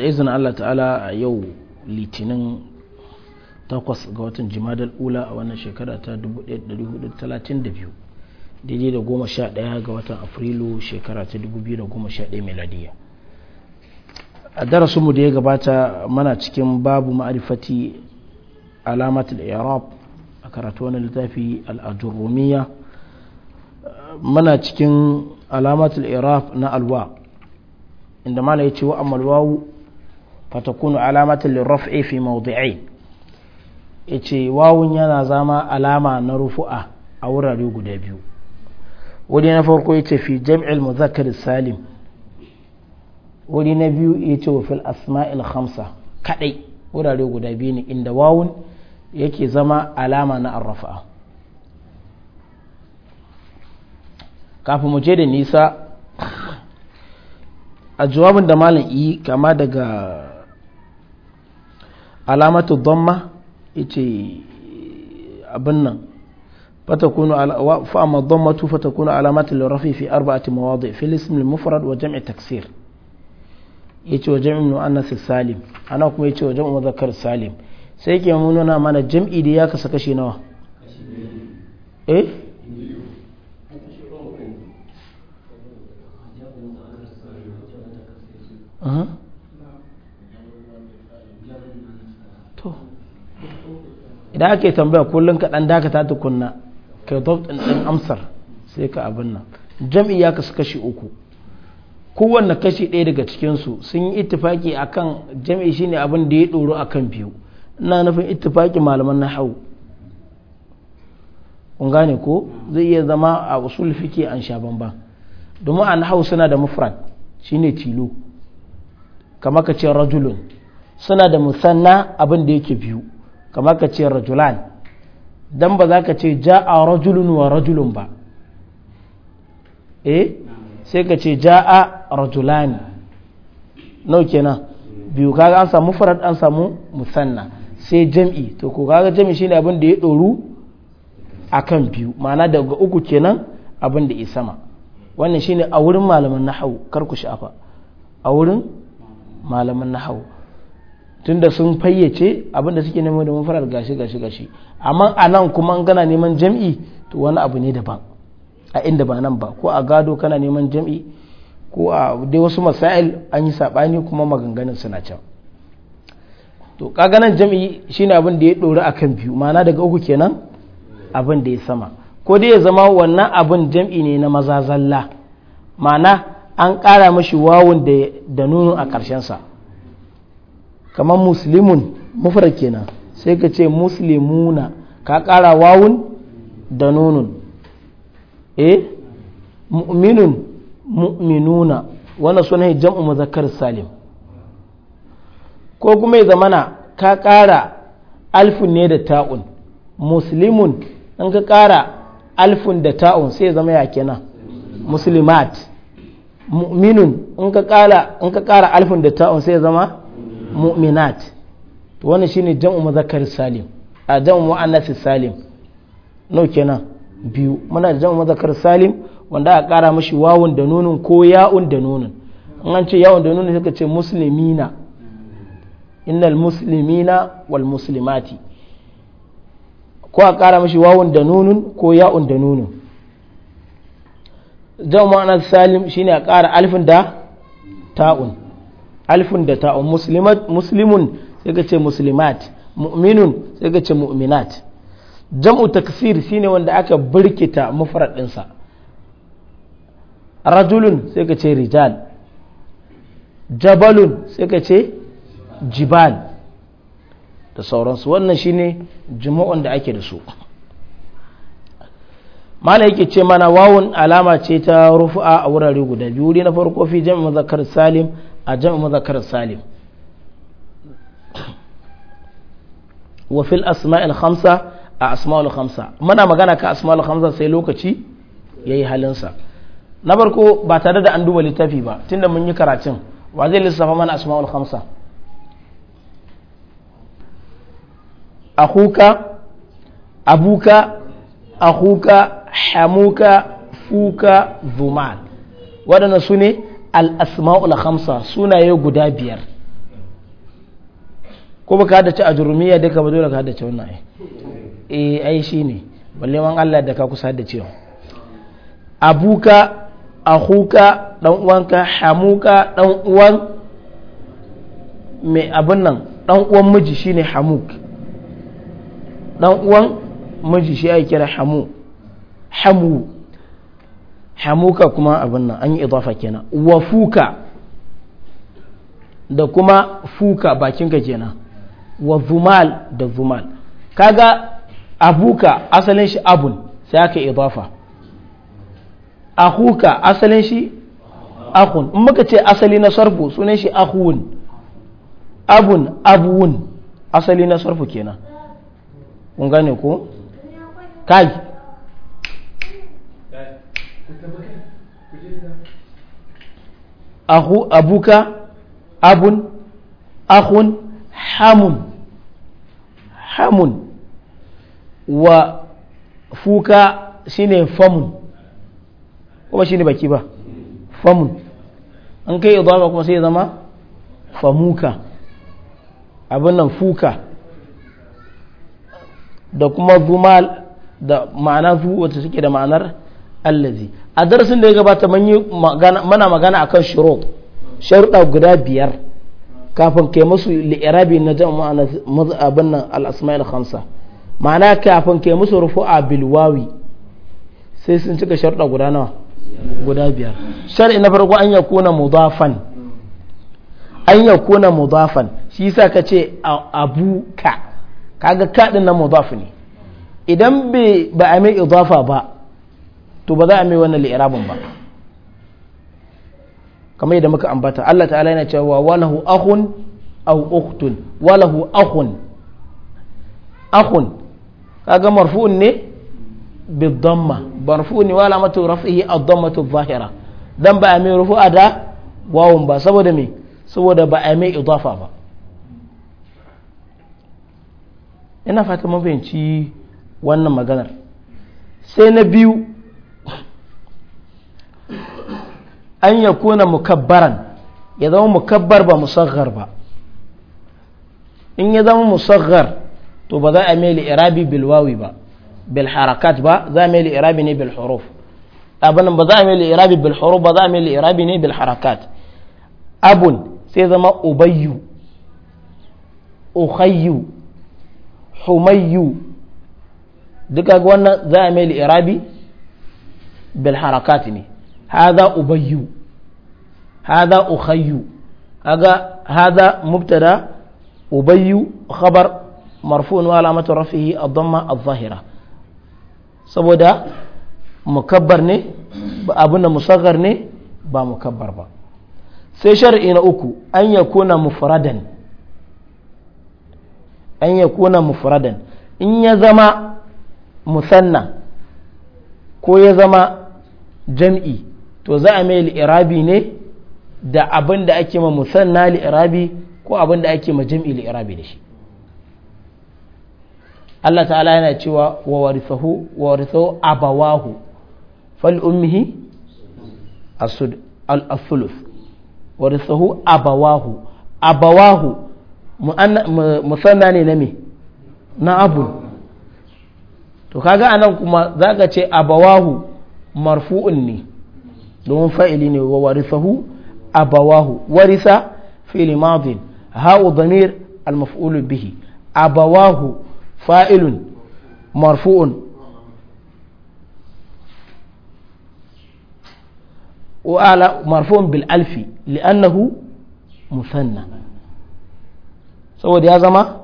da izin Allah ta'ala a yau litinin 8 ga watan jimadar ula a wannan shekara ta 1432 daidai da 11 ga watan afrilu shekara ta 2011 miladiya a darasinmu da ya gabata mana cikin babu ma'arifati da iraq a karatu wani littafi al'adurumiya mana cikin alamatul iraq na alwa inda mana ya ce wa'amalwawu. fatakunu alamatin lirraf'i fi mawdi'ai yace wawun yana zama alama na rufu'a a wurare guda biyu wuri na farko yace fi jam'il muzakkar salim wuri na biyu yace wa fil asma'il khamsa kadai wurare guda biyu ne inda wawun yake zama alama na arrafa'a kafin mu je da nisa a jawabin da malam yi kama daga alamatu dhamma ita abin nan fa'amma dhammatu fa takunu alamatu lirafi fi arba'ati mawadi fi ism al-mufrad wa jam'i taksir yace wa jam'i muannas salim ana kuma yace wa jam'i mudhakkar salim sai ke mun nuna mana jam'i da ya kasa kashi nawa da ake tambaya kullum ka dan dakata tukunna ka dabtin din amsar sai ka abin nan jami'i ya kasu kashi uku kowanne kashi ɗaya daga cikin su sun yi ittifaki akan jam'i shine abin da ya doro akan biyu ina nufin ittifaki malaman nahwu kun gane ko zai iya zama a usul fiqi an sha bamba domin an hau suna da mufrad shine tilo kamar ka ce rajulun suna da musanna abin da yake biyu kamar ka ce rajulan dan ba za ka ce ja'a rajulun wa rajulun ba eh sai ka ce ja'a rajulani nau kenan biyu kaga an samu farad an samu musanna sai jam'i to ko kaga jam'i shine abin da ya doru akan biyu ma'ana daga uku kenan abin da ya sama wannan shine a wurin malaman nahawu kar ku shafa a wurin malaman nahawu tunda sun fayyace abin da suke neman da mufrad gashi gashi gashi amma a nan kuma an gana neman jam'i to wani abu ne daban a inda ba nan ba ko a gado kana neman jam'i ko a dai wasu masail an yi sabani kuma maganganun suna can to kaga nan jam'i shine abin da ya dori akan biyu ma'ana daga uku kenan abin da ya sama ko dai ya zama wannan abin jam'i ne na maza zalla ma'ana an kara mashi wawun da nunu a ƙarshensa kamar muslimun mufrad kenan sai ka ce muslimuna ka ƙara wawun da nunun eh mu'minun mu'minuna wannan yi jam'u mazakar salim ko kuma ya zamana ka ƙara alfun ne da ta'un muslimun in ka ƙara alfun da ta'un sai ya zama ya kenan muslimat mu'minun in ka ƙara alfun da ta'un sai ya zama mu'minat to wannan shine jam'u muzakkar salim a jam'u muannas salim nau kenan biyu muna da jam'u muzakkar salim wanda aka kara mashi wawun da nunun ko ya'un da nunun in an ce ya'un da nunun suka ce muslimina innal muslimina wal muslimati ko a kara mashi wawun da nunun ko ya'un da nunun jam'u muannas salim shine a kara alfin da ta'un alfun da ta'un muslimun sai ka ce muslimat mu'minun sai ka ce mu'minat jam'u taksir shine wanda aka birkita mufrad rajulun sai ka ce rijal jabalun sai ka ce jibal da sauransu wannan shine juma'un da ake da su mala yake ce mana wawun alama ce ta rufu'a a wurare guda biyu wuri na farko fi jami'in zakar salim a jama mazakar salim wa asma'il hamsa a asma'ul hamsa muna magana ka asma'ul hamsa sai lokaci ya yi halinsa na farko ba tare da an duba littafi ba tunda mun yi karatun wa zai lissafa mana asma'ul khamsa akuka abuka akuka hamuka fuka zumal waɗanda su ne al hamsa khamsa sunaye guda biyar ko da ci a jurumiya duka ba dole ka ci wannan ai eh ai shine balle man Allah da ka kusa da yau abuka ahuka dan uwanka hamuka dan uwan mai abin nan dan uwan miji shine hamuk dan uwan miji shi ake kira hamu hamu hamuka kuma abin nan an yi idafa kenan wa fuka da kuma fuka bakinka kenan wa zumal da zumal kaga abuka asalin shi abun sai aka idafa ahuka asalin shi ahun in muka ce asali na sarfu sunan shi ahun abun abuwun asali na sarfu kenan kun gane ko kai ahu abuka abun ahun hamun hamun wa fuka shine famun kuma shine baki ba famun an kai idama kuma sai zama famuka abin nan fuka da kuma zumal da ma'ana zu wacce suke da ma'anar allazi a darasin da ya gabata mana magana akan shurut sharuɗa guda biyar kafin ke musu li'irabi na jama'a abin nan al-asma'il ma'ana kafin ke musu rufu a bilwawi sai sun cika sharuɗa guda nawa guda biyar shari'i na farko an yakuna mudafan an yakuna mudafan shi yasa kace ka kaga kaɗin na mudaf ne idan ba a mai idafa ba to ba za a mai wannan li'irabin ba kamar yadda muka ambata Allah ta'ala yana cewa walahu akhun aw ukhtun walahu akhun akhun kaga marfu'un ne bidamma marfu'un ne wala matu raf'ihi ad-dammatu adh-dhahira dan ba a mai rufu'a da wawun ba saboda me saboda ba a mai idafa ba ina fata mun fahimci wannan maganar sai na biyu an ya kuna mukabbaran ya zama mukabbar ba musaghar ba in ya zama musaghar to ba za a mele irabi bilwawi ba bil harakat ba za a mele irabi ne bil huruf abin ba za a mele irabi bil huruf ba za a mele irabi ne bil harakat abun sai zama ubayyu ukhayyu humayyu duka wannan za a mele irabi bil harakat ne hadha ubayyu hadha ukhayyu kaga hadha mubtada ubayyu khabar marfu'un wa alamatu rafihi ad-damma adh-dhahira saboda mukabbar ne ba abinda musaggar ne ba mukabbar ba sai shar'i na uku an yakuna mufradan an yakuna mufradan in ya zama musanna ko ya zama jam'i to za a mai li'irabi ne da abin da ake ma musanna li'irabi ko abin da ake ma jam'i li'irabi da shi Allah ta'ala yana cewa wa warithahu wa warithahu abawahu fal ummihi asud al asulus warithahu abawahu abawahu musanna ne na me na abun to kaga anan kuma zaka ce abawahu marfu'un ne دون فعل وورثه أبواه ورث في ماض ها ضمير المفعول به أبواه فاعل مرفوع وأعلى مرفوع بالألف لأنه مثنى سوى دي زما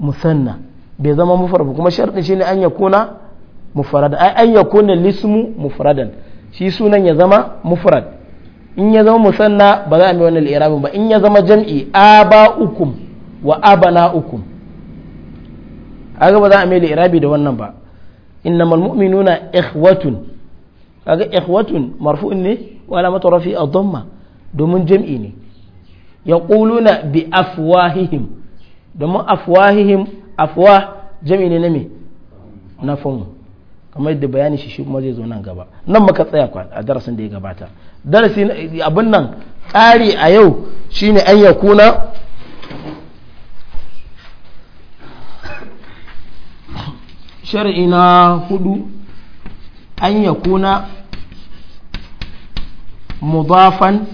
مثنى بزما مفرد كما شرط أن يكون مفردا أن يكون الاسم مفردا shi sunan ya zama mufrad in ya zama musanna ba za a mai wannan irabin ba in ya zama jam'i ukum wa a kaga ba za a mai irabi da wannan ba innamal mu'minuna ikhwatun kaga ikhwatun marfu'un ne wa alamatu rafi a domin jam'i ne yaquluna bi afwahihim domin afwahihim afwah jam'i ne na na fomu kamar yadda bayani shi shi kuma zai zo nan gaba nan muka tsaya a darasin da ya gabata darasi abin nan tsari a yau shine an ya kuna shari'i na hudu an ya kuna mudafan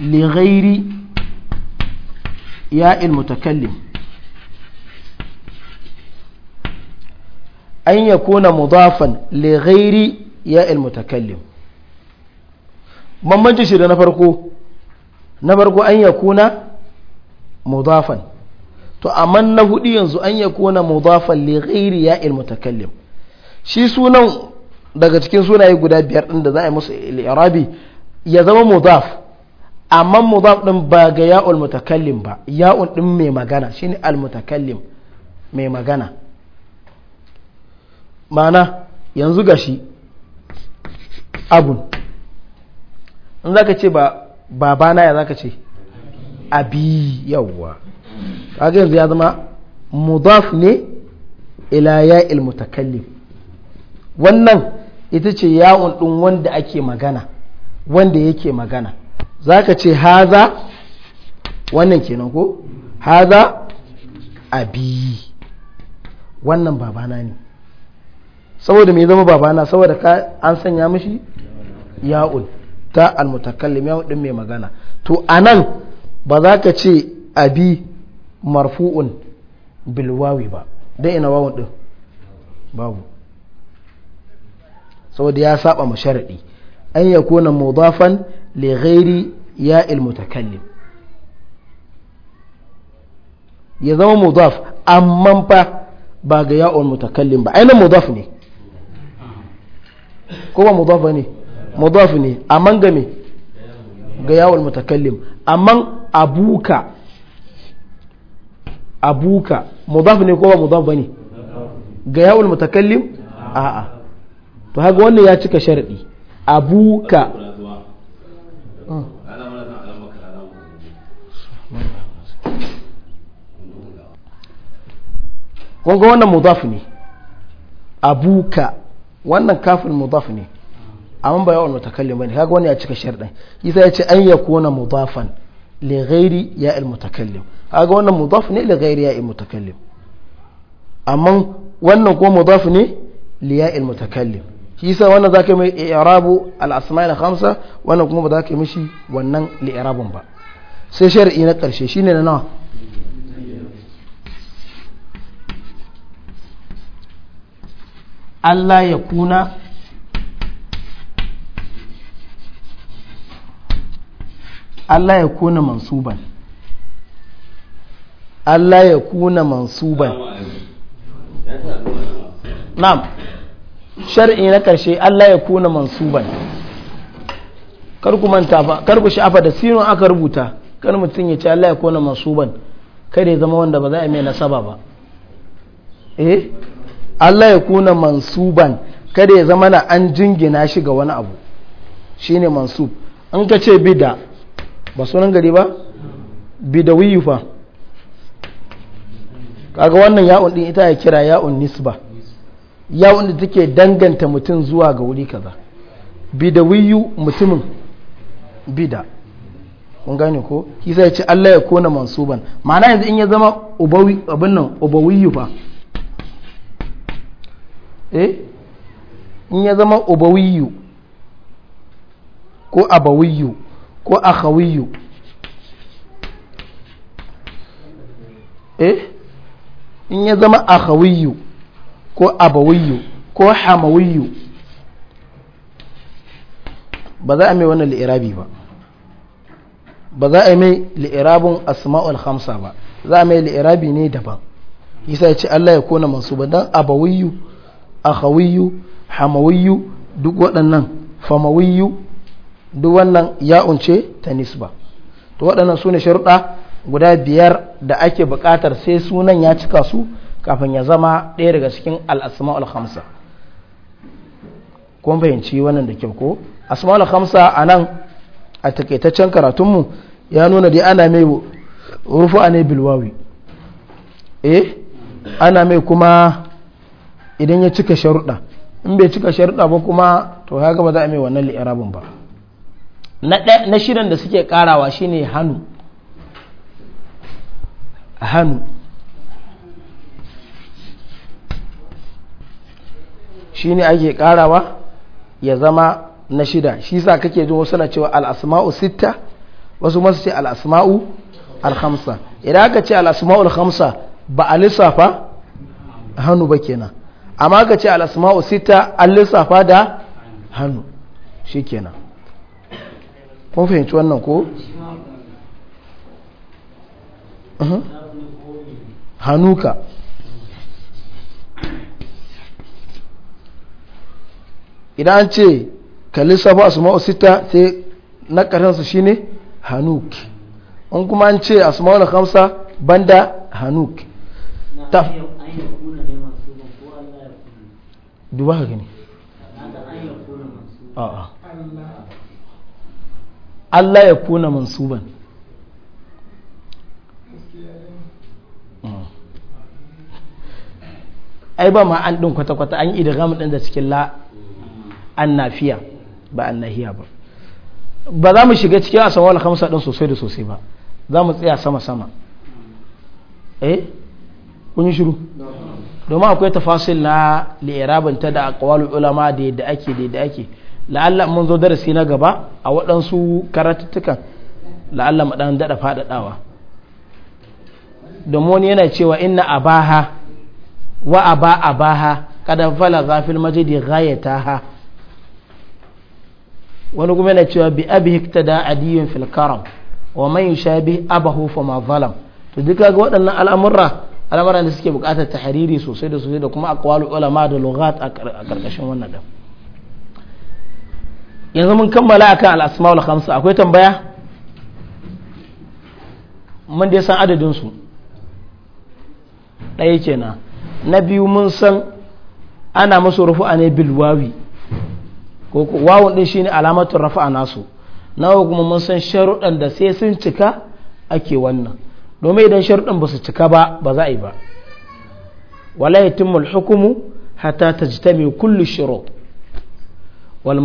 lighairi ya an يكون مضافا لغير ghairi ya ممن bambancin shi da أن يكون na farko an yakuna mudafan to amma na hudu yanzu an yakuna mudafan shi sunan daga cikin sunaye guda biyar din da za a yi musu irabi ya zama mudaf amma mudaf din ba ga ya'ul mutakallim ba ya'ul din mai magana shine al mutakallim mai magana ma'ana yanzu gashi abun in za ka ce ba babana ya za ka ce abi yawwa kaga yanzu ya zama mudaf ne ila ya mutakallim wannan ita ce yawon ɗin wanda ake magana wanda yake magana za ka ce haza wannan kenan ko haza abi wannan babana ne saboda me zama babana saboda ka an sanya mishi ya'ul ta almutakallim ya'ul din mai magana to anan ba za ka ce abi marfu'un bilwawi ba dan ina wawun din babu saboda ya saba mu sharadi an kona mudafan li ghairi ya'il mutakallim ya zama mudaf amma fa ba ga ya'ul mutakallim ba ainihin mudaf ne ko ba mudaf bane mudaf ne amman ga me ga yawon mutakallim amman abuka abuka mudaf ne ko ba mudaf bane ga yawon mutakallim a'a to haka wannan ya cika sharadi abuka kwanga wannan mudaf ne abuka wannan kafin mudaf ne amma ba yawan mutakallim bane kaga wani ya cika sharɗin isa ya ce an yakuna mudafan li ghairi ya al mutakallim kaga wannan mudaf ne li ghairi ya al mutakallim amma wannan ko mudaf ne li ya al mutakallim shi yasa wannan zaka mai i'rabu al asma'il khamsa wannan kuma ba zaka mishi wannan li i'rabun ba sai shar'i na karshe shine na nawa Allah ya kuna Allah ya kuna mansuban Allah ya kuna mansuban na'am shar'i na karshe Allah ya kuna mansuban kar ku manta fa kar ku sha'afa da sino aka rubuta kar mutum ya ce Allah ya kuna mansuban kada ya zama wanda ba za a mai nasaba ba eh Allah ya kuna mansuban kada ya zama na an jingina shi ga wani abu Shi ne mansub an ka ce bida ba sunan gari ba bidawiyu fa kaga wannan ya'un din ita ya kira ya'un nisba ya'un da take danganta mutum zuwa ga wuri kaza bidawiyu mutumin bida kun gane ko shi ya ce Allah ya kona mansuban ma'ana yanzu in ya zama ubawi abin nan ubawiyu fa eh in ya zama obawiyu ko abawiyu ko akhawiyu eh in ya zama akhawiyu ko abawiyu ko hamawiyu ba za a mai wannan li'irabi ba ba za a mai li'irabin asma'ul hamsa ba za a mai li'irabi ne daban yasa ya ce Allah ya kona mansu ba dan abawiyu akhawiyyu hamawiyyu duk waɗannan famawiyyu duk wannan ya unce ta nisba to waɗannan su ne sharuɗa guda biyar da ake buƙatar sai sunan ya cika su kafin ya zama ɗaya daga cikin al'asma'ul hamsa kun fahimci wannan da kyau ko asma'ul hamsa a nan a takaitaccen karatunmu ya nuna dai ana mai rufu a ne bilwawi eh ana mai kuma idan ya cika sharuɗa in bai cika sharuɗa ba kuma to ya gaba za a mai wannan li'irabin ba na shirin da suke karawa shine hannu hannu shine ake karawa ya zama na shida shi sa kake jin wasu na cewa al'asma'u sitta wasu masu ce al'asma'u alhamsa idan aka ce al'asma'u alhamsa ba a lissafa hannu ba kenan amma ka ce al'asma'u sita an lissafa da hannu shi kenan kun fahimci wannan ko? hannuka idan an ce ka lissafa asma'u sita sai na ƙarshensu shi ne hannuk in kuma an ce asma'u na kamsa banda hannuk ta duba ka gani Allah ya kuna mansuban hmm. ai ba ma an ɗin kwata-kwata an yi idgham ɗin da cikin la an nafiya ba an nahiya ba ba za mu shiga cikin wani kamsa ɗin sosai da sosai ba za mu tsaya sama-sama eh kun yi shiru domin akwai tafasil na li'irabinta da akwalu ulama da yadda ake da yadda ake la'alla mun zo darasi na gaba a waɗansu karatuttukan la'alla mu dan daɗa faɗaɗawa domin wani yana cewa inna abaha wa aba abaha kada fala zafil majidi ha wani kuma yana cewa bi abi da adiyun fil karam wa man bi abahu fama zalam to duka ga waɗannan al'amurra al'amuran da suke ta tahariri sosai da sosai da kuma aqwalu ulama da lughat a karkashin wannan da yanzu mun kammala akan kan asmaul khamsa akwai tambaya mun dai san adadin su ɗaya kenan na biyu mun san ana musu rufu'a ne bil wawi ko wawun din shine alamatul rafa'a nasu na kuma mun san sharuɗan da sai sun cika ake wannan domin idan sharuɗin ba su cika ba ba za a yi ba wala hata al-hukmu hatta tajtami kullu shurut wal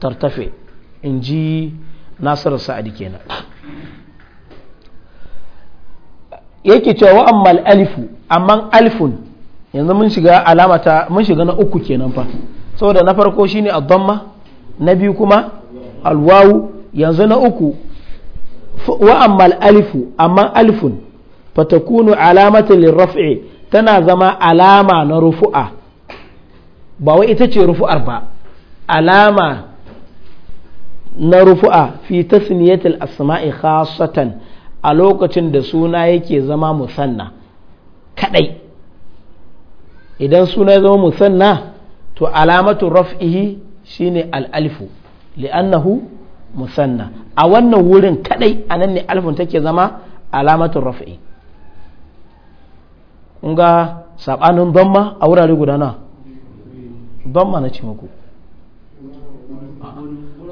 tartafe in ji nasarar Sa'adi kenan yake cewa amma alifu amman alifun yanzu mun shiga alamata mun shiga na uku kenan fa saboda na farko shine ad-damma na biyu kuma alwawu yanzu na uku wa amma alifu amma alifun fatakunu alamatan lirraf'i tana zama alama na rufu'a ba wai ita ce rufu'ar ba alama na rufu'a fi tasmiyatil asma'i khasatan a lokacin da suna yake zama musanna kadai idan suna zama musanna to alamatu raf'ihi shine al-alifu li'annahu musanna a wannan wurin kadai a nan ne alifin take zama alamatin rafi'i ga sabanin damma a wurare guda na damma na ce muku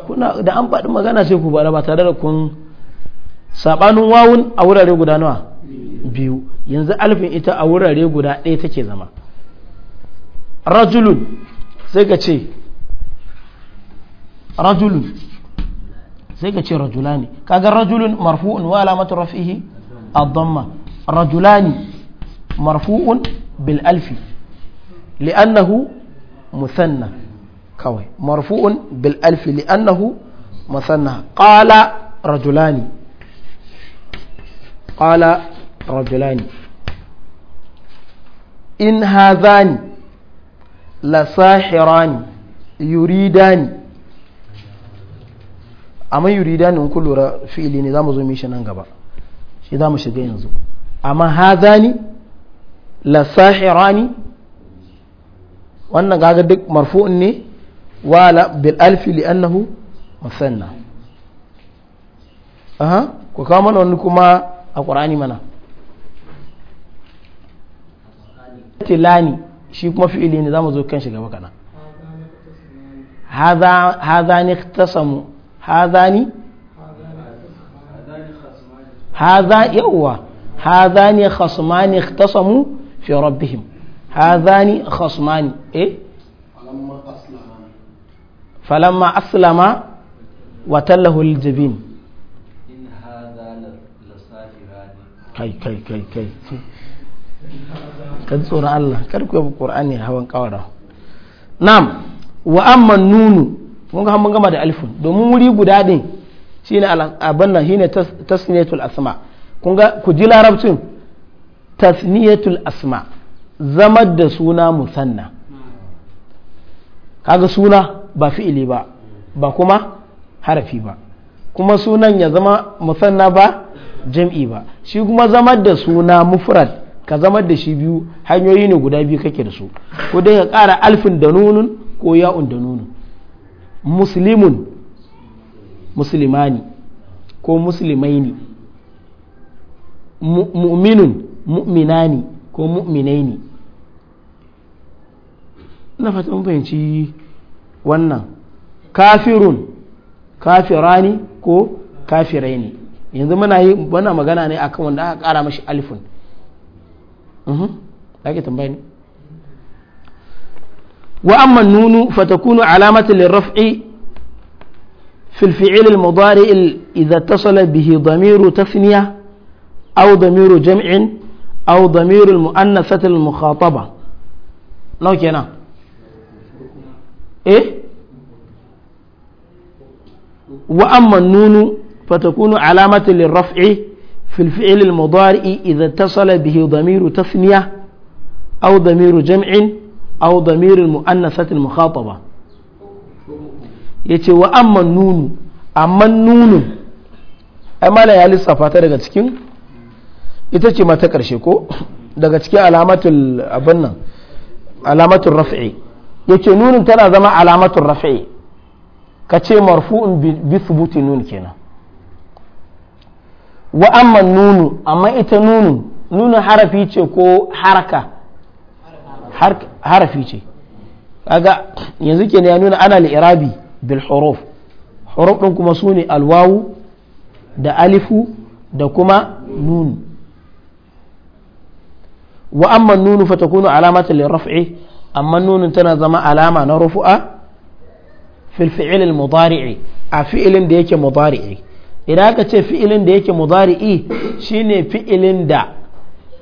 kuna da an faɗi magana sai ku bada ba tare da kun sabanin wawun a wurare guda nawa biyu yanzu alifin ita a wurare guda ɗaya take zama rajulun sai ka ce rajulun sai ka ce rajulani kaga rajulun marfu'un wa alamatu rafihi ad-damma rajulani marfu'un bil alfi li'annahu musanna kawai marfu'un bil alfi li'annahu musanna qala rajulani qala rajulani in hazani la sahirani yuridani amma yurida ne kun lura fi'ili ne za mu zo mishi nan gaba shi za mu shiga yanzu amma hazani la sahirani wannan gaga duk marfu'un ne wala bil alfi li annahu musanna aha ku kawo mana wani kuma a qur'ani mana tilani shi kuma fi'ili ne za mu zo kan shi gaba kana haza hadha ni tasamu hazani haza yawwa hazani khasmani ikhtasamu fi rabbihim hazani khasmani eh falamma aslama wa tallahu aljabin kai kai kai kai kan tsoron Allah kar ku Qur'ani hawan kawara na'am wa amma nunu mun ga mun gama da alifun domin wuri guda din shine abin nan shine tasniyatul asma kun ku ji larabcin tasniyatul asma zama da suna musanna kaga suna ba fi'ili ba ba kuma harafi ba kuma sunan ya zama musanna ba jam'i ba shi kuma zama da suna mufrad ka zama da shi biyu hanyoyi ne guda biyu kake da su ko dai ka kara alfin da nunun ko ya'un da nunun muslimun musulmani ko musulmaini mu'minun mu'minani ko mu'minaini na fata mun fahimci wannan kafirun kafirani ko kafiraini yanzu muna yi wannan magana ne akan wanda aka kara mashi alifun mhm. ake tambayi ne وأما النون فتكون علامة للرفع في الفعل المضارع إذا اتصل به ضمير تثنية أو ضمير جمع أو ضمير المؤنثة المخاطبة لو كنا إيه وأما النون فتكون علامة للرفع في الفعل المضارع إذا اتصل به ضمير تثنية أو ضمير جمع aw damiril mu'annasatil mukhataba yace wa amma nunu amma nunu ai ya lissafa ta daga cikin ita ce mata karshe ko daga cikin alamatul abin nan alamatul raf'i yace nunun tana zama alamatul raf'i kace marfu'un bi thubuti nun kenan wa amma nunu amma ita nunu nunu harafi ce ko haraka harafi ce kaga yanzu ke ya nuna ana li'irabi bil huruf huruf din kuma su ne alwawu da alifu da kuma nun wa amma nunu fa takunu alamatan liraf'i amma nunun tana zama alama na rufu'a fil fi'il al mudari'i a fi'ilin da yake mudari'i idan aka ce fi'ilin da yake mudari'i shine fi'ilin da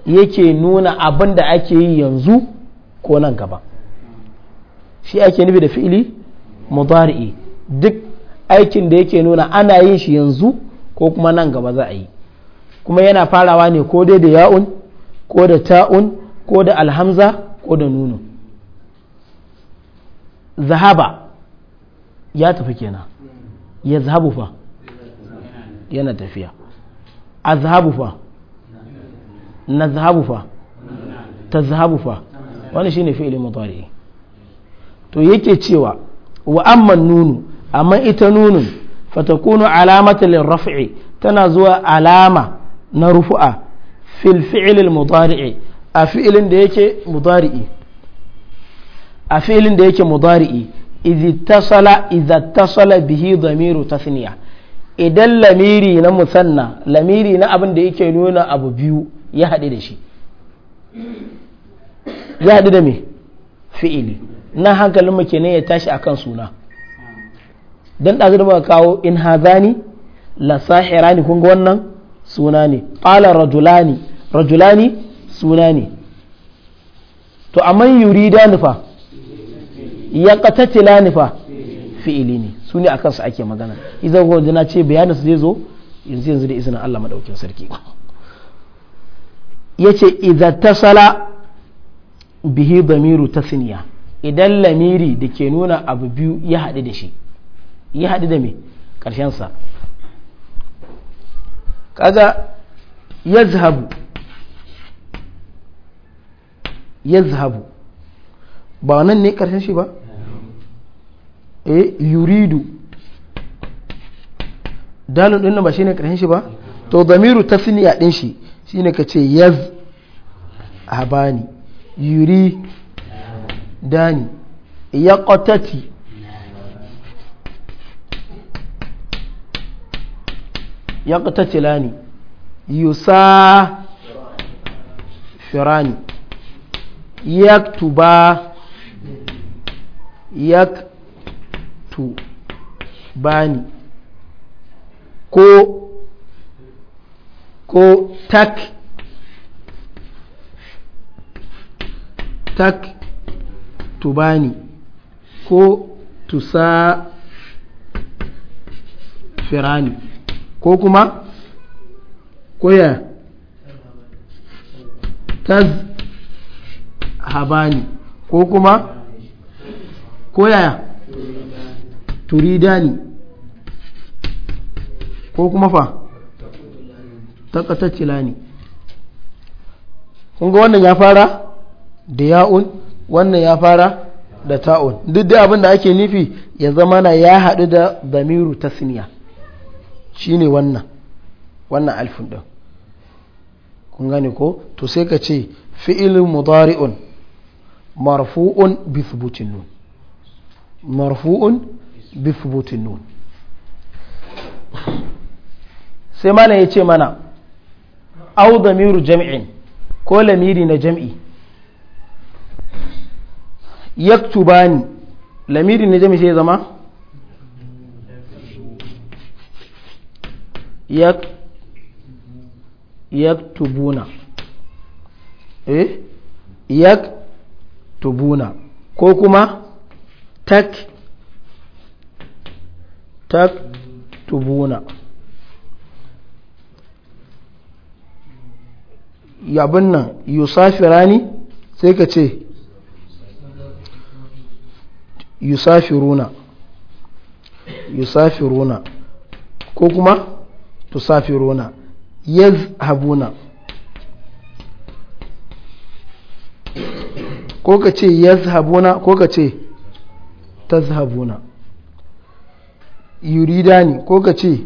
yake nuna abin da ake yi yanzu ko nan gaba shi ake nufi da fi'ili mudari'i duk aikin da yake nuna ana yin shi yanzu ko kuma nan gaba za a yi kuma yana farawa ne ko dai da ya'un ko da ta'un ko da alhamza ko da nunu zahaba ya tafi kenan ya zahabu fa yana tafiya a zahabu fa na zahabu fa ta zahabu fa wani shine fi'ilin mudari to yake cewa wa amma nunu amma ita nunun fatakunu alamatan raf'i tana zuwa alama na rufu'a fil fi'il mudari'i a fi'ilin da yake mudari'i a fi'ilin da yake mudari'i idittasala idittasala bihi dhamiru tasniya idan lamiri na musanna lamiri na abin da yake nuna abu biyu ya haɗu da shi ya haɗu da me fi'ili na hankalin mu kenan ya tashi akan suna dan ɗazu da muka kawo in hazani la sahirani kun ga wannan suna ne qala rajulani rajulani suna ne to amma yurida nufa ya qatatila nufa fi'ili ne su ne akan su ake magana idan gobe na ce bayanin su zai zo yanzu yanzu da izinin Allah madaukin sarki yace idza tasala bihi damiru tasniya idan lamiri da ke nuna abu biyu ya haɗu da shi ya haɗu da me ƙarshensa kaga yazhabu yazhabu ba nan ne ƙarshen shi ba e yuridu dalil ɗin ba ne ƙarshen shi ba to damiru tasniya din shi shi ne ka ce yaz habani yuri dani ya ƙwatati ya ƙwatati lani yusa firani yaktuba yaktubani ko ko tak tak tubani ko tusa firani ko kuma koya taz habani ko kuma koya turidani ko kuma fa takatacilani ne kun ga wannan ya fara da ya'un wannan ya fara da ta'un duk da abin da ake nufi ya zama na ya haɗu da damiru shi ne wannan wannan alfin ɗin kun gane ko to sai ka ce fi'ilin mudari'un marfu'un bi thubutin nun marfu'un bi thubutin nun sai mana ya ce mana au damiru jam'in ko lamiri na jam'i yaktubani lamiri ne jami sai zama yaktubuna eh tubuna ko kuma tak tak tubuna ya nan yusafirani sai ka ce yusafiruna yusafiruna ko kuma tusafiruna yazhabuna ko ka ce yazhabuna ko ka ce tazhabuna yuridani ko ka ce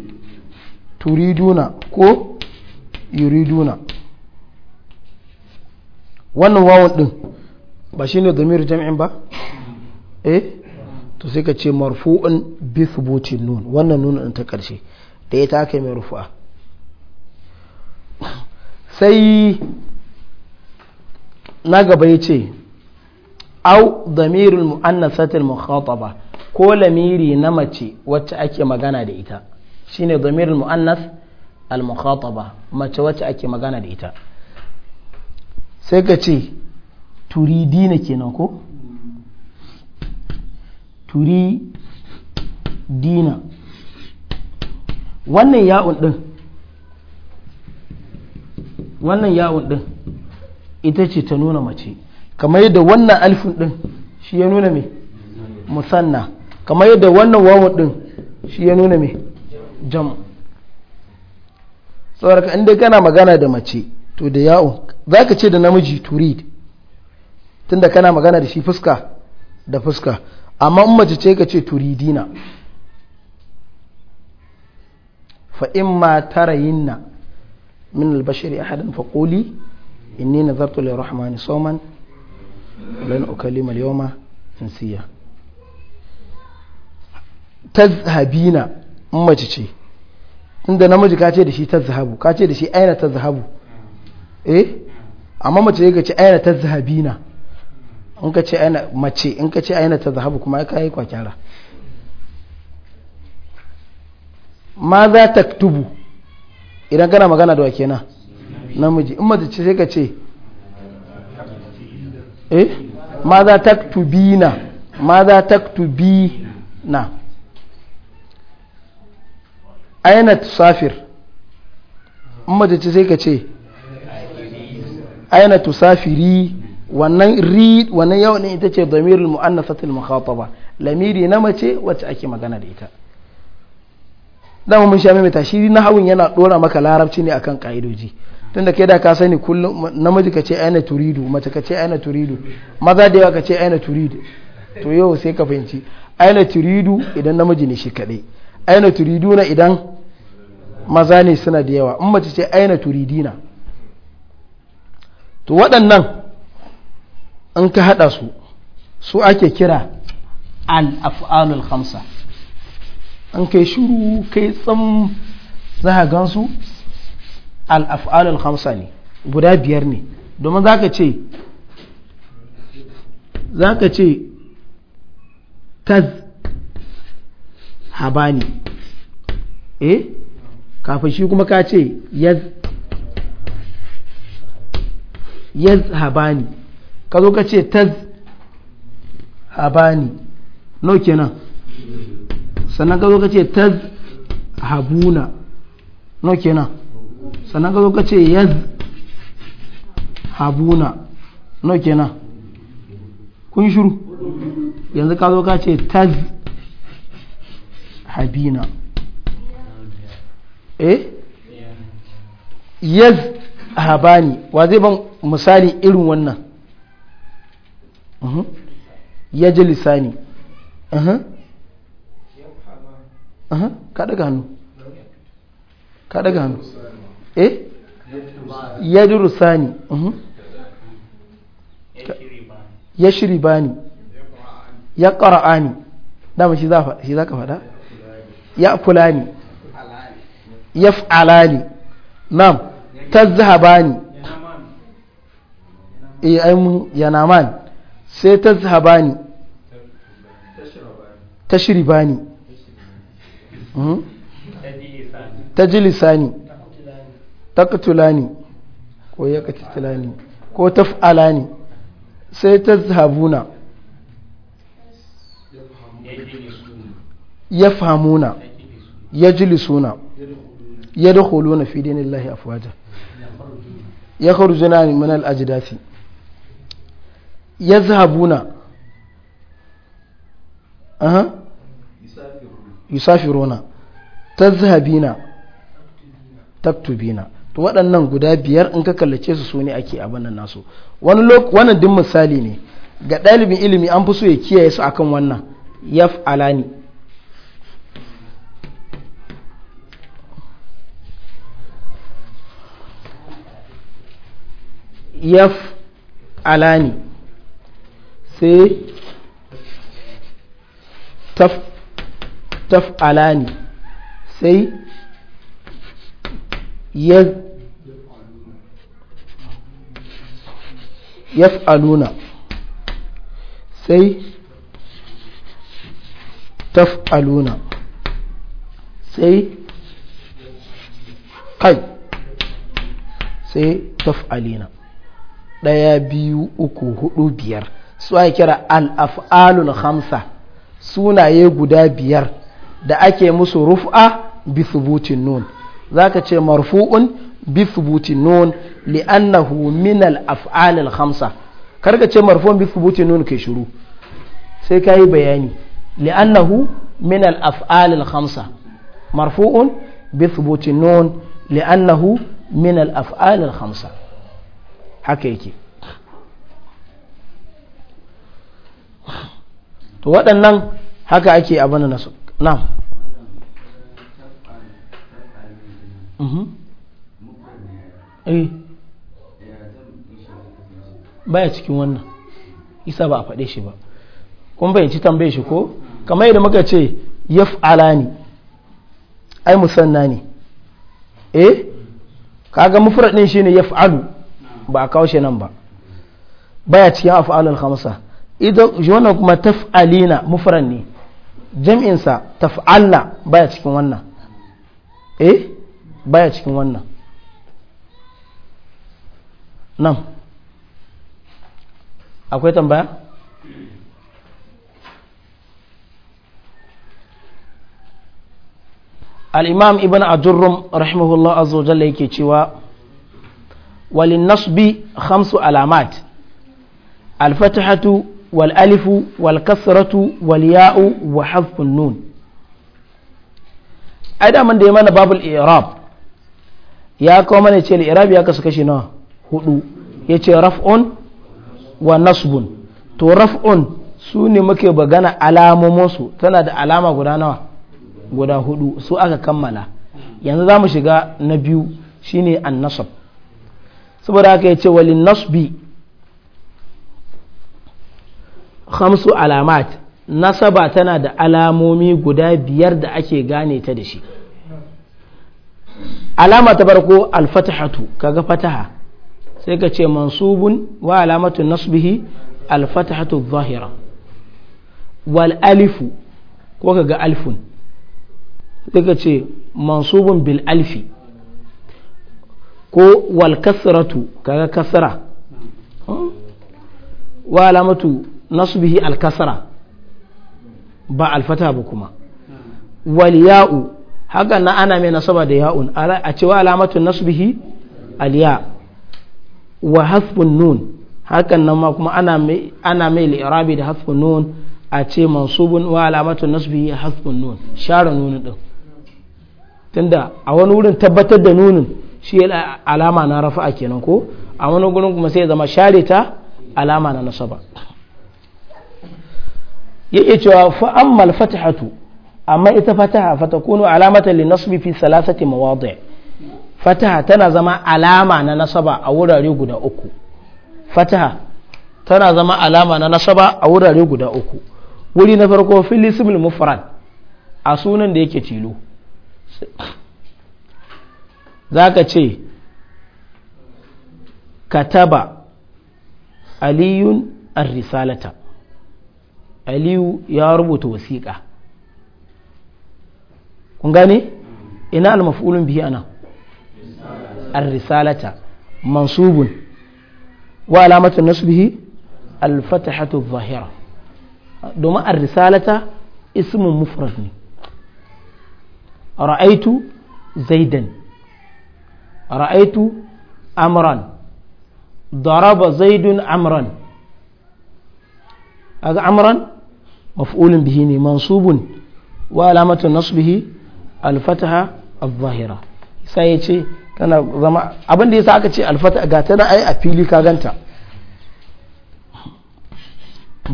turiduna ko yuriduna wannan wawan din ba shine domin jam'in ba eh to sai ka ce marfu'un bi thubutin nun wannan nun ta ƙarshe da ya take mai rufu'a sai na gaba ya ce au damirul mu'annasatil mukhataba ko lamiri na mace wacce ake magana da ita shine damirul mu'annas al mukhataba mace wacce ake magana da ita sai ka ce turidina kenan ko dina wannan ya'un din wannan ya'un din ita ce ta nuna mace kamar yadda wannan alifin din shi ya nuna mai musanna kamar yadda wannan wawun din shi ya nuna mai jam tsoraka inda kana magana da mace to da ya'un za ka ce da namiji turid tunda kana magana da shi fuska da fuska amma in mace ce ka ce turidina fa in ma tarayinna min albashari ahadan fa quli inni nazartu lirrahmani sawman lan ukallima al-yawma insiya tazhabina in mace ce inda namiji ka ce da shi tazhabu ka ce da shi aina tazhabu eh amma mace ce ka ce aina tazhabina in ka ce aina mace in ka ce aina ta zahabu kuma ka yi kyara ma za ta tubu idan kana magana da wake na namiji in mace ce sai ka ce eh ma za ta na ma za ta tubina aina tusafir in mace ce sai ka ce aina tusafiri wannan ri wannan ne ita ce damirul mu'annasatul mukhataba lamiri na mace wacce ake magana da ita dama mun sha mai tashiri na hawun yana dora maka larabci ne akan ka'idoji tunda kai da ka sani kullum namiji ka ce aina turidu mace ka ce aina turidu maza da yawa ka ce aina turidu to yau sai ka fahimci aina turidu idan namiji ne shi kadai aina turidu na idan maza ne suna da yawa in mace ce aina turidina to waɗannan in ka hada su su ake kira al-af'alul khamsa in kai shuru kai tsam za ka gansu al-af'alul khamsa ne guda biyar ne domin za ka ce za ka ce kaz habani eh kafin shi kuma ka ce yaz yaz habani ka zo ka ce taz habani no kenan sannan ka zo ka ce taz habuna no kenan sannan ka zo ka ce yaz habuna no kenan kun shuru yanzu ka zo ka ce taz habina eh yaz habani wa zai ban misali irin wannan Uh-huh. ya ji lisani uh-huh. Uh-huh. ka daga hannu ka eh ya ji rusani ya shiri bani ya ƙara'ani dama shi za ka faɗa ya kulani ya fa'alani nam ta zahabani eh ai mun sai ta zahabani ta shiribani hmm? ta jilisani ta katulani ko ya katitulani ko ta fa'alani sai ta zahabuna ya famuna ya jilisuna ya da holona fi Ya lahi afuwaja ya kharu zina ne manal ajdasi yazhabuna aha yusafiruna tazhabina taktubina to waɗannan guda biyar in ka kallace su su ake a nan nasu wannan din misali ne ga ɗalibin ilimi an fi so ya kiyaye su akan wannan yaf alani yaf alani sai taf'alani sai aluna sai taf aluna sai kai sai taf alina ɗaya biyu uku hudu biyar su ake kira al-af'alul khamsa sunaye guda biyar da ake musu rufa bi thubutin nun zaka ce marfu'un bi thubutin nun li'annahu min al-af'al al-khamsa karka ce marfu'un bi thubutin nun kai shiru sai kayi bayani li'annahu min al hamsa marfu'un bi thubutin nun li'annahu min al hamsa haka yake to waɗannan haka ake abin na na'am mhm. eh. baya cikin wannan isa ba a faɗe shi ba kun bayanci tambaye shi ko kamar yadda muka ce ya yaf'alani ai musanna ne eh kaga mufrad din shine yaf'alu ba a kawo shi nan ba baya cikin af'alul khamsa idan wannan kuma taf'alina mufran ne jam'insa taf'alna baya cikin wannan eh baya cikin wannan nan akwai tambaya Al-Imam ibn ajurrum rahimahullah azawajalla yake cewa walin nasbi khamsu alamat alfatihatu wal alifu wal kasratu wal ya'u wa hafun nun ai daman da ya mana babul i'rab ya kawo mana ce i'rab ya kasu kashi na hudu ya ce raf'un wa nasbun to raf'un su ne muke bagana alamominsu tana da alama guda nawa guda hudu su aka kammala yanzu za mu shiga na biyu shine an nasab saboda haka ya ce wali nasbi khamsu alamat nasaba tana da alamomi guda biyar da ake gane ta da shi alama ta farko alfatahatu kaga fataha sai ka ce mansubun wa alamatu nasbihi alfatahatu zahira wal alifu ko kaga alfun sai ka ce mansubun bil alfi ko wal kasratu kaga kasra wa alamatu nasbihi alkasara ba alfata ba kuma wal ya'u haka na ana mai nasaba da ya'u a cewa alamatun nasbihi aliya wa hasbun nun hakan ma kuma ana mai li'irabi da hasbun nun a ce mansubun wa alamatun nasbihi hasbun nun share nunin din tunda a wani wurin tabbatar da nunin shi alama na rafa'a kenan ko a wani gurin kuma sai ya zama share ta alama na nasaba yake cewa fa ammal fatihatu amma ita fataha fatakunu alamatan li fi salasati mawadi' fataha tana zama alama na nasaba a wurare guda uku fataha tana zama alama na nasaba a wurare guda uku wuri na farko fil ismil mufrad a sunan da yake tilo zaka ce kataba aliyun ar-risalata aliyu ya rubuta wasiƙa kun gane ina almafulun bihi ana ar-risalata mansubun wa alamata nasbihi al-fatahatu adh-dhahira domin ar-risalata ismun mufrad ne ra'aitu zaidan ra'aitu amran daraba zaidun amran aga amran maf'ulun bihi ne mansubun wa alamatu nasbihi alfataha al-zahira sai ya ce tana zama abin da yasa aka ce alfata ga ta na a fili ka ganta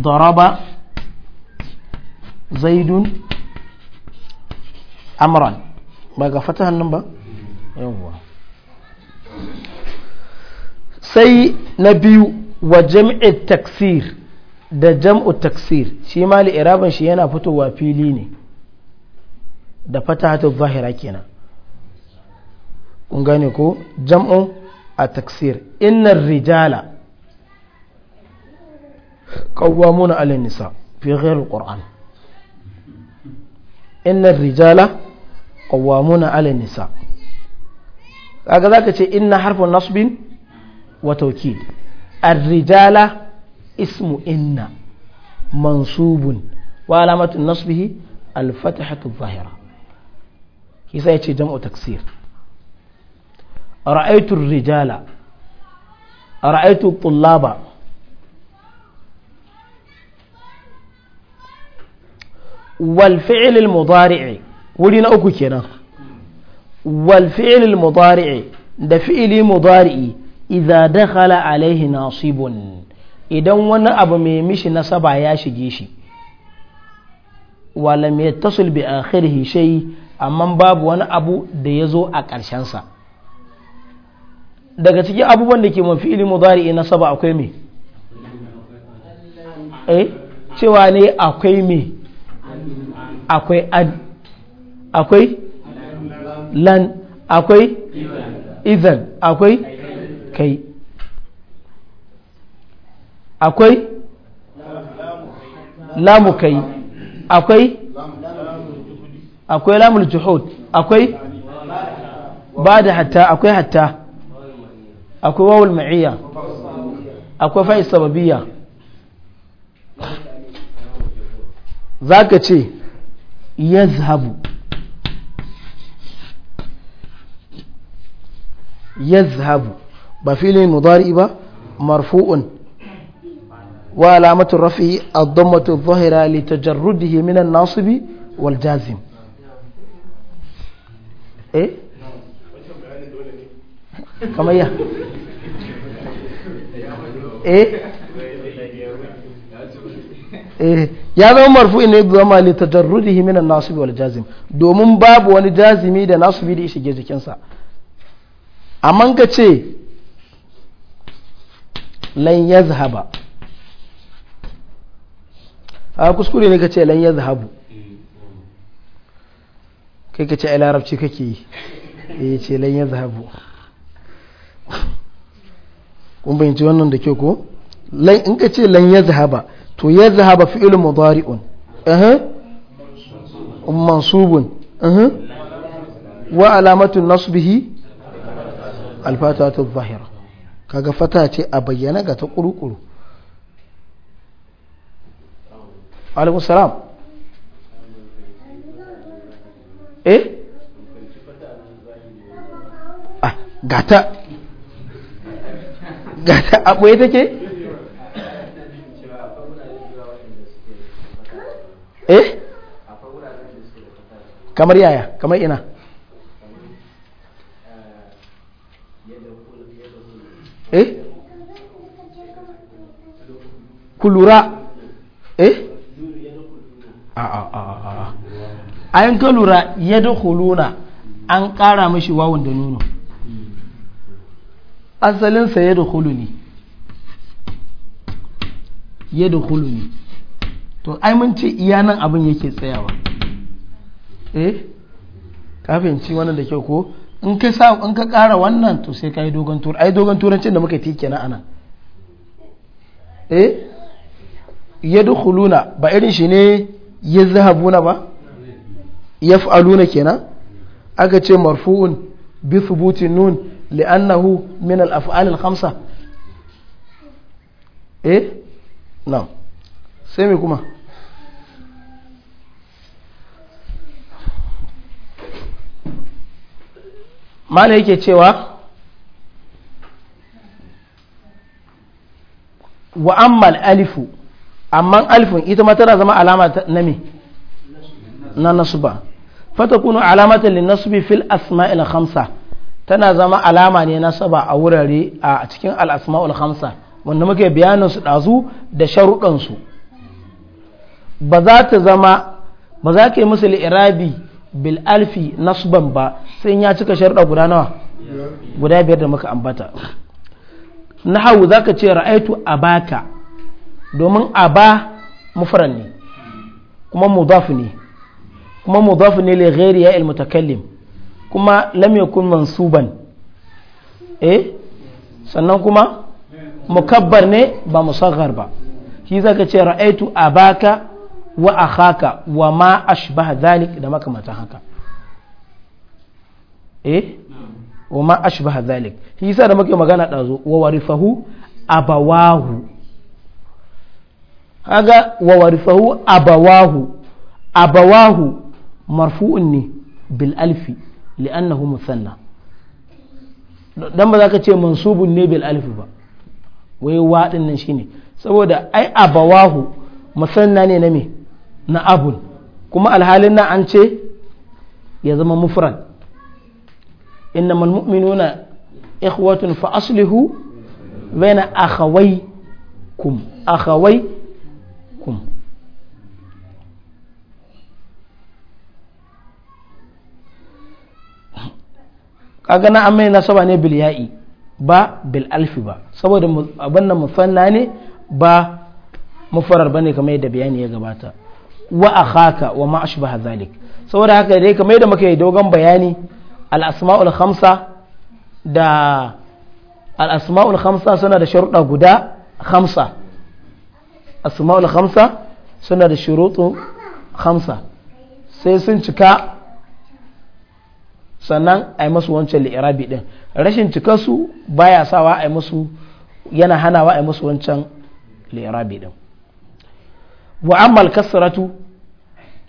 daraba zaidun amran ba ga fatahan nan ba yawwa sai na biyu wa jam'i taksir da jam'u taksir shi ma irabin shi yana fitowa fili ne da fatahatu zahira kenan kun gane ko jam'u a taksir innar rijala qawwamuna 'ala nisa fi ghairi qur'an innar rijala qawwamuna 'ala nisa kaga zaka ce inna harfun nasbin wa tawkid ar-rijala ismu inna mansubun wa alamatu nasbihi alfatihatu zahira kisa ya ce jam'u taksir ra'aitu rijala ra'aitu tullaba والفعل المضارع ولينا أكو كنا والفعل المضارع ده مضارع إذا دخل عليه ناصب idan wani abu mai mishi nasaba ya shige shi wala mai tasul bi akhirhi shay amma babu wani abu da ya zo a ƙarshensa daga cikin abubuwan da ke man fi'ili mudari nasaba akwai me eh cewa ne akwai me akwai an akwai lan akwai idan akwai kai akwai lamukai akwai akwai lamul juhud akwai ba da hatta akwai hatta akwai wawul ma'iyya akwai fa'i sababiyya za ka ce ya zahabu ya zahabu ba filin mudari ba marfu'un وعلامة رفعه الضمة الظاهرة لتجرده من الناصب والجازم إيه؟ كما إيه؟ إيه؟ eh ya zama marfu ne zama li tajarrudihi min an-nasib wal jazim domin babu wani jazimi da nasibi da shige jikinsa amma ka ce lan a kuskure ne ka ce lan zahabu kai ka ce a larabci kake yi eh, ya ce lan yadhhabu kun bayanci wannan da ke ko lan in ka ce lan zahaba to yadhhaba fi'l mudari'un eh mansubun eh wa alamatu bihi alfata ta zahira kaga fata ce a bayyana ga ta kurukuru alaikun salam eh ah gata gata abuwa take eh kamar yaya kamar ina eh kulura eh a yin ka lura ya dukuluna an ƙara mashi wawon da nuno asalinsa ya da ne ya da ne to ai mun ce iya nan abin yake tsayawa eh kafin ci wannan da kyau ko in ka sa in ka ƙara wannan to sai ka yi dogon tura ai dogon turancin da muka yi kenan ana eh ya dukuluna ba irin shi ne ya zahabuna ba ya kenan aka ce marfu'un bi thubuti nun li'annahu min al-af'al al-khamsa eh na'am sai me kuma mala yake cewa wa ammal alifu amma alifin ita ma tana zama alama na me na nasba alamatan lin nasbi fil asma'il khamsa tana zama alama ne na saba a wurare a cikin al asma'ul khamsa wanda muke bayanin su dazu da sharuɗan su ba za ta zama ba za ka yi musu irabi bil alfi nasban ba sai ya cika sharuɗa guda nawa guda biyar da muka ambata nahawu zaka ce ra'aitu abaka domin a ba mufran ne kuma mudaf ne kuma mudaf ne li ghairi ya mutakallim kuma lam yakun mansuban eh sannan kuma mukabbar ne ba musaghar ba shi zaka ce ra'aitu abaka wa akhaka wa ma ashbaha dhalik da makamata haka eh wa ma ashbaha dhalik shi yasa da muke magana dazo wa warifahu abawahu kaga wa warifahu abawahu abawahu marfu'un ne bil alfi li'annahu musanna dan ba za ka ce mansubun ne bil alfi ba wai wa nan shine saboda ai abawahu musanna ne na me na abun kuma alhalin na an ce ya zama mufrad innamal mu'minuna ikhwatun fa aslihu baina akhawaykum akhawai kaga na amma nasaba ne bil ya'i ba bil alfi ba saboda abin nan musanna ne ba mufarar bane kamar yadda bayani ya gabata wa akhaka wa ma ashbaha zalik saboda haka dai kamar yadda muka yi dogon bayani al asma'ul khamsa da al asma'ul khamsa suna da sharuɗa guda khamsa asma'ul khamsa suna da shurutu khamsa sai sun cika sannan a yi masu wancan li'irabi din rashin cikarsu baya sawa a yi masu yana hanawa a yi masu wancan li'irabi din wa ammal kasratu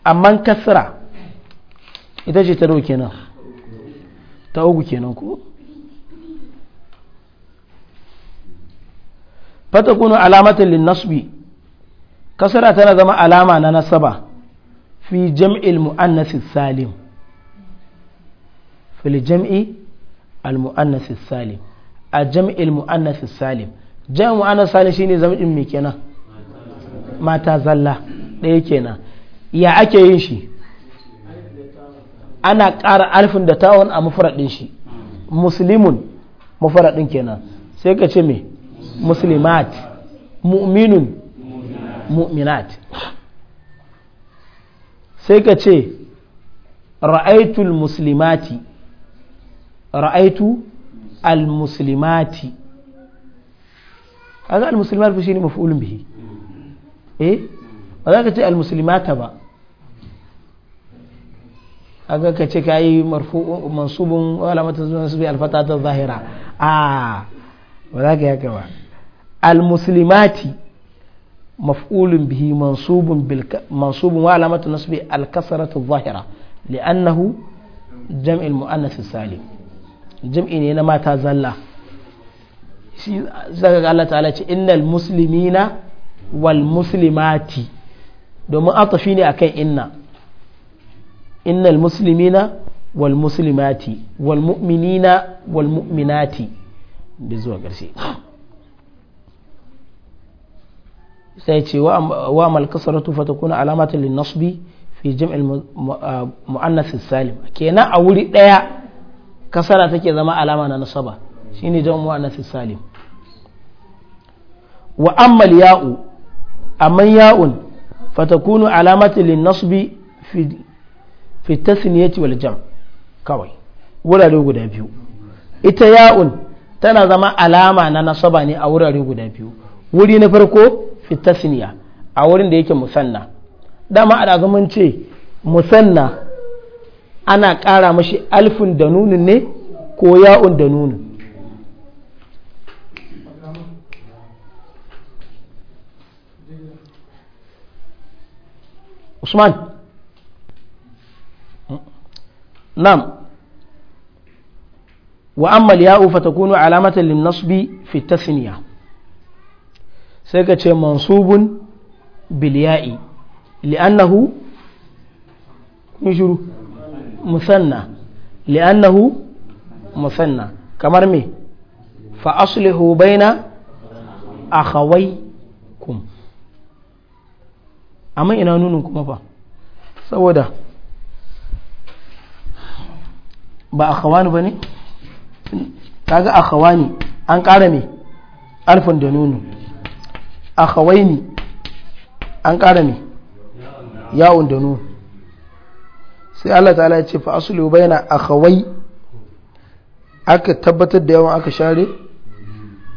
amman kasra ita ce ta dau kenan ta ugu kenan ko fatakunu alamatan lin nasbi kasra tana zama alama na nasaba fi jam'il muannas salim fil jam'i al mu'annas salim a al mu'annas salim jam'il mu'annas salim shine jam'in me kenan mata zalla ɗaya kenan ya ake yin shi ana ƙara alfin da tawon a mafaradin shi muslimun mafaradin kenan sai ka ce me muslimat mu'minun mu'minat sai ka ce ra'aitul muslimati ra'aitu al-muslimati kaga al-muslimat ba shine maf'ulun bihi eh ba za ka ce al-muslimata ba kaga ka ce kai marfu'un mansubun wala mata zuwa su bi al ta zahira a ba za ka yi haka ba al-muslimati maf'ulun bihi mansubun bil mansubun wa alamatu nasbi al zahira adh-dhahira li'annahu jam'il muannath salim jim'i ne na mata zalla shi zaka ga Allah ta'ala ce innal muslimina wal muslimati domin atafi ne akan inna innal muslimina wal muslimati wal mu'minina wal mu'minati da zuwa ƙarshe sai ce wa mal kasaratu fa takuna alamatin lin nasbi fi jam'il muannath salim kenan a wuri daya kasara take zama alama na nasaba shine jan mu'annath salim wa ammal ya'u amma ya'un fatakunu alamatan lin nasbi fi fi tasniyati wal jam kawai wurare guda biyu ita ya'un tana zama alama na nasaba ne a wurare guda biyu wuri na farko fi tasniya a wurin da yake musanna dama a ce musanna ana ƙara mashi alfin da nunin ne ko ya'un da nunin usman nam wa ammal ya'u fatakunu alamatan lin nasbi fi tasniya sai ka ce mansubun bil li'annahu musanna li'annahu musanna kamar me fa aslihu baina akhawaykum amma ina nunin kuma fa saboda ba akhawani bane kaga akhawani an ƙara me alfin da nunu akhawaini an ƙara me ya'un da nunu sai Allah ta'ala ya ce fa asulu a akhawai aka tabbatar da yawan aka share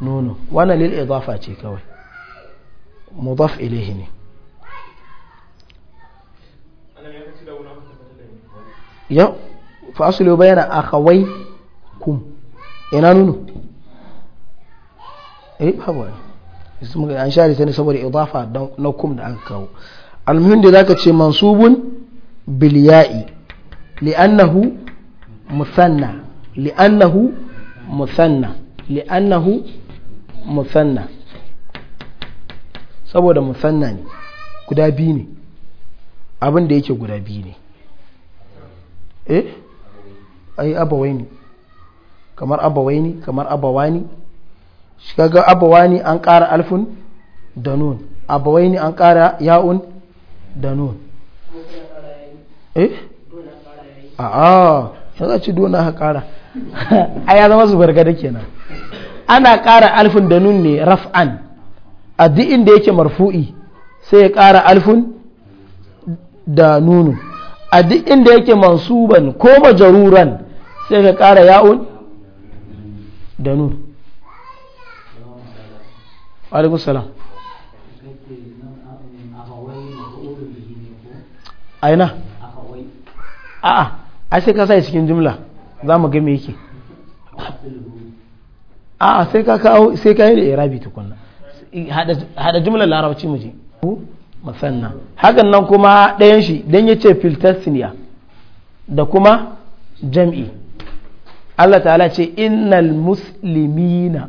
nono wannan lil idafa ce kawai mudaf ilayhi ne ya fa asulu a akhawai kum ina nono eh babu an share ta ne saboda idafa na kum da aka kawo almuhim da zaka ce mansubun بالياء لأنه مثنى لأنه مثنى لأنه مثنى saboda musanna ne guda biyu ne abin da yake guda biyu ne eh ai abawai ne kamar abawai ne kamar abawani shi kaga abawani an ƙara alfun da nun abawai ne an ƙara ya'un da nun eh a'a ya za ci dona ha kara a ya zama zubar gada kenan ana kara alfin da nun ne raf'an a duk inda yake marfu'i sai ya kara alfin da nunu a duk inda yake mansuban ko majaruran sai ka kara ya'un da nunu alaikun salam aina a'a ai sai ka sa cikin jumla za mu ga yake a'a sai ka kawo sai ka yi da irabi tukunna hada jumla larabci mu je musanna hakan nan kuma ɗayan shi ya yace filtasiniya da kuma jam'i Allah ta'ala ce innal muslimina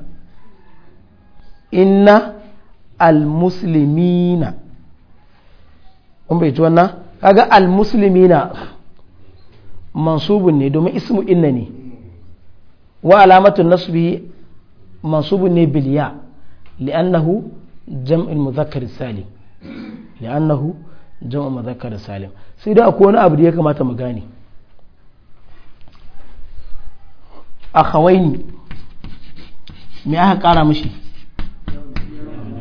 inna al-muslimina kun bai ci wannan kaga al-muslimina mansubun ne domin ismu inna ne wa alamatun nasbi mansubun ne biliya li'annahu jam'in muzakkar salim li'annahu jam'in muzakkar salim sai da akwai wani abu da ya kamata mu gane akhawaini me aka kara mishi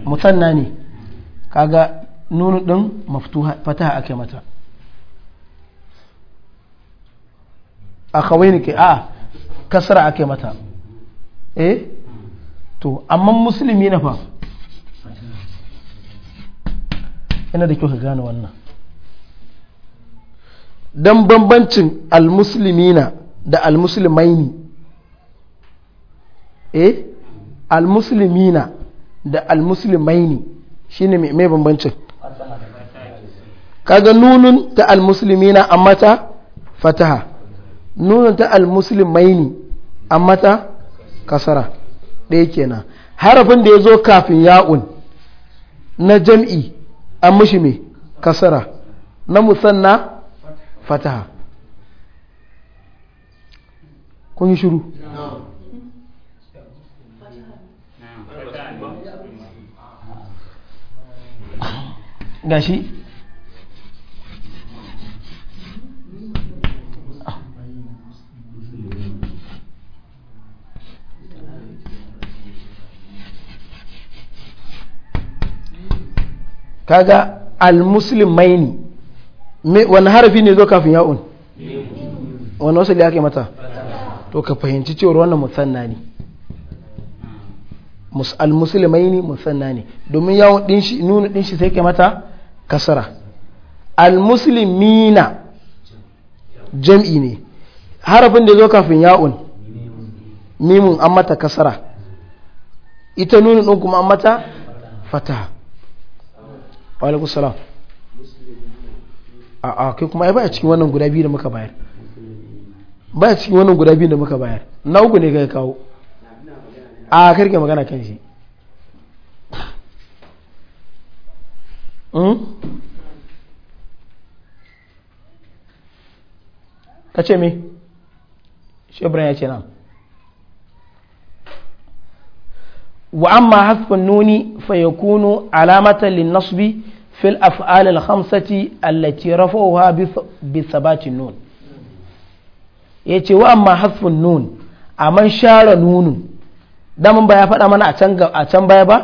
musanna ne kaga nunu din maftuha fataha ake mata A akhawai ke a kasra ake mata eh to amma musulmi na fa yana da kyau ka gane wannan don bambancin almusulmina da almuslimaini eh almusulmina da almuslimaini shine mai bambancin kaga nunun ta almusulmina amma ta fataha nuna ta almuslimaini an mata kasara ɗaya kenan harafin da ya zo kafin ya'un na jam'i an mishi mai kasara na musanna fataha kun yi shiru gashi kaga maini. wani harafi ne zo kafin ya'un wani wasu da ake mata to ka fahimci cewar wannan musanna ne almuslimaini musanna ne domin yawon dinshi nuna dinshi sai ke mata kasara almuslimina jam'i ne harafin da zo kafin ya'un mimun an mata kasara ita nuna ɗin kuma an mata fataha wa alaikum salam a a kai kuma ai baya cikin wannan guda biyu da muka bayar baya cikin wannan guda biyu da muka bayar na uku ne kai kawo a karke magana kan shi hmm? ka ce me shebran ya ce na wa amma hasfin nuni fa yakunu alamatan lin nasbi في الأفعال الخمسة التي رفعوها بثبات النون yace wa amma hasfun nun amma share nunu daman ba ya faɗa mana a can baya ba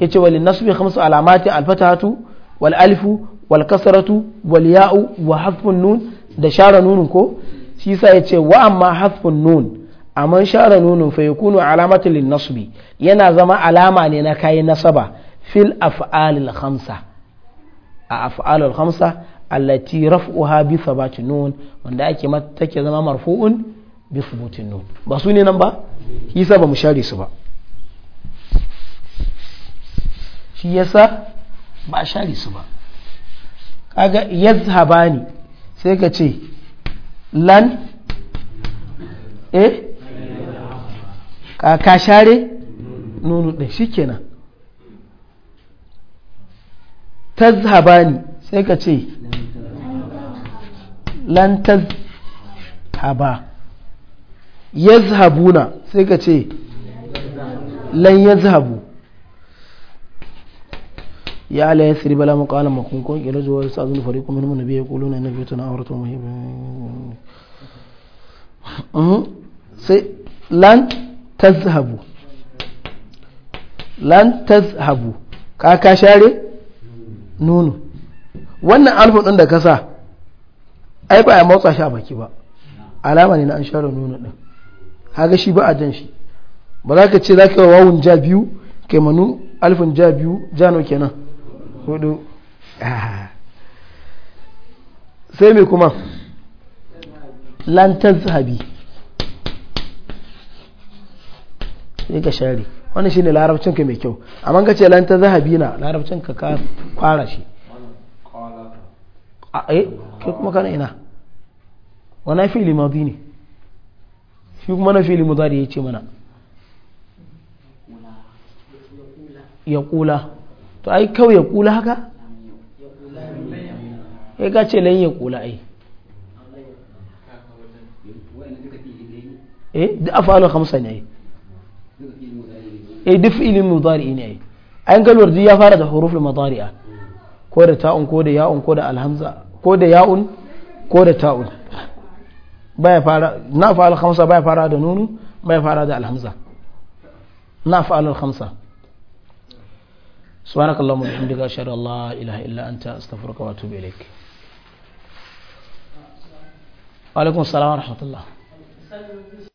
yace walin nasbi khamsu alamati alfatahatu wal alifu wal kasratu wal ya'u wa hasfun nun da share nunun ko shi yace wa amma hasfun nun amma share nunun fa yakunu alamatan lin nasbi yana zama alama ne na kayan nasaba fil af'alil hamsa. a af'alul khamsa allati raf'uha bi thabatin nun wanda ake mata take zama marfu'un bi thubutin nun ba su ne nan ba yasa ba mu share su ba shi yasa ba a share su ba kaga yazhabani sai ka ce lan eh ka share nunu din shikenan tazhaba ni sai ka ce lantazhaba yazhabuna sai ka ce lan yazhabu ya ala ya siri bala makalan makunkun ila zuwa sa zuwa fari kuma nuna biya kulu na nabi tana auratu muhimmi sai lan tazhabu lan tazhabu ka ka share nono wannan alfa ɗin da ka sa ai ba a motsa shi a baki ba alama ne na an share nono ɗin haga shi ba a jan shi ba za ka ce za ka wawun ja biyu kai manu alfin ja biyu jano kenan hudu ah. sai mai kuma lantar zahabi sai ka share wannan shine larabcin ka mai kyau amma ka ce lan ta zahabi na larabcin ka ka fara shi a eh ke kuma kana ina wana fi'li madi ne shi kuma na fi'li mudari yace mana ya kula to ai kawai ya kula haka ya ga ce lan ya kula ai eh da afalo hamsa ne ai eh duk fi'ilin mudari ne a ga lurdi ya fara da huruful mudari'a ko da ta'un ko da ya'un ko da alhamza ko da ya'un ko da ta'un baya fara na fa'al khamsa baya fara da nunu baya fara da alhamza na fa'al khamsa سبحانك اللهم وبحمدك اشهد ان لا اله الا انت استغفرك واتوب اليك وعليكم السلام ورحمه الله